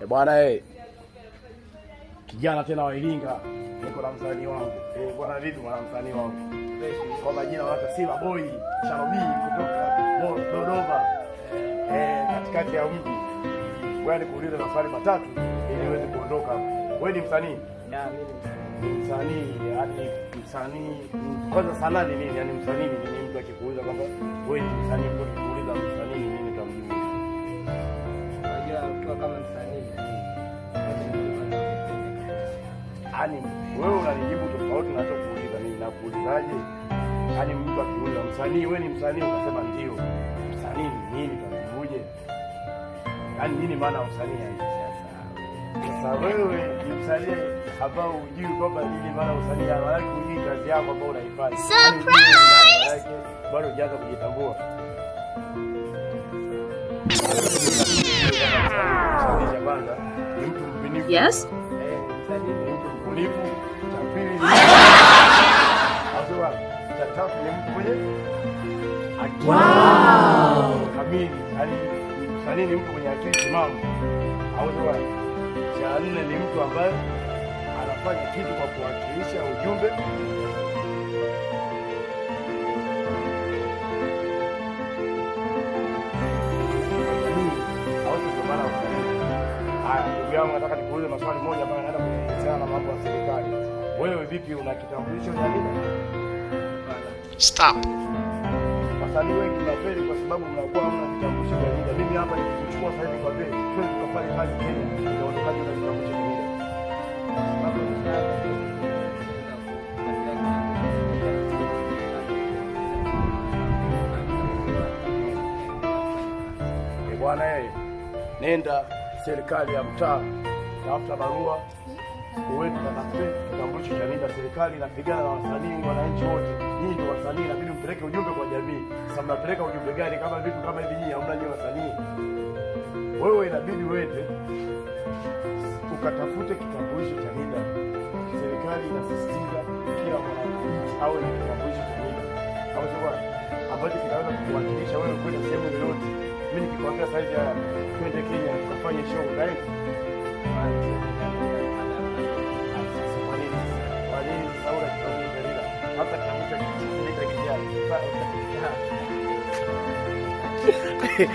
E bwana eh, kijana tena wa Iringa, niko na msanii wangu eh bwana. Vipi bwana, msanii wangu kwa majina watu Sila Boy Sharobi kutoka Moldova, eh katikati ya mji. Wewe nikuulize maswali matatu ili uweze kuondoka. Wewe ni msanii na mimi msanii, yaani msanii kwanza, sanaa ni nini? Yani msanii ni mtu akikuuliza kwamba wewe ni msanii Yaani wewe unanijibu tofauti na nachokuuliza mimi. Nakuulizaje? Yaani mtu akiuliza msanii, wewe ni msanii ukasema ndio. Msanii ni nini tunajibuje? Yaani nini maana usanii yani? Sasa wewe ni msanii ambao hujui kwamba nini maana usanii yani, wala kazi yako ambayo unaifanya. Yaani, Surprise! Bado hujaanza kujitambua. Yes. Eh, mvumilivu, cha pili azua, cha tatu ni mtu mwenye akili kamili, msanii ni mtu mwenye akili timamu. Aua, cha nne ni mtu ambaye anafanya kitu kwa kuwakilisha ujumbe wangu, nataka nikuulize maswali moja ambayo naenda kuhusiana na mambo ya serikali. Wewe vipi, una kitambulisho cha nini? Stop. Wasanii wengi mnafeli kwa sababu mnakuwa hamna kitambulisho cha nini. Mimi hapa nikichukua sasa hivi kwa bei, twende tukafanye kazi Kenya, nitaondokaje na kitambulisho cha nini? Eh, bwana eh, nenda serikali ya mtaa, tafuta barua uwetu tataspe kitambulisho cha NIDA. Serikali inapigana na wasanii, wananchi wote. Nyinyi ndio wasanii, inabidi mpeleke ujumbe kwa jamii. Sasa mnapeleka ujumbe gani kama vitu kama hivi? Nyinyi hamna, nyinyi wasanii. Wewe inabidi uende ukatafute kitambulisho cha NIDA. Serikali inasisitiza kila mwananchi awe na kitambulisho cha NIDA au sio, ambacho kinaweza kukuwakilisha wewe kwenda sehemu yoyote. Mimi nikikwambia saizi haya twende Kenya tukafanye show direct. Hata kitabu cha kijani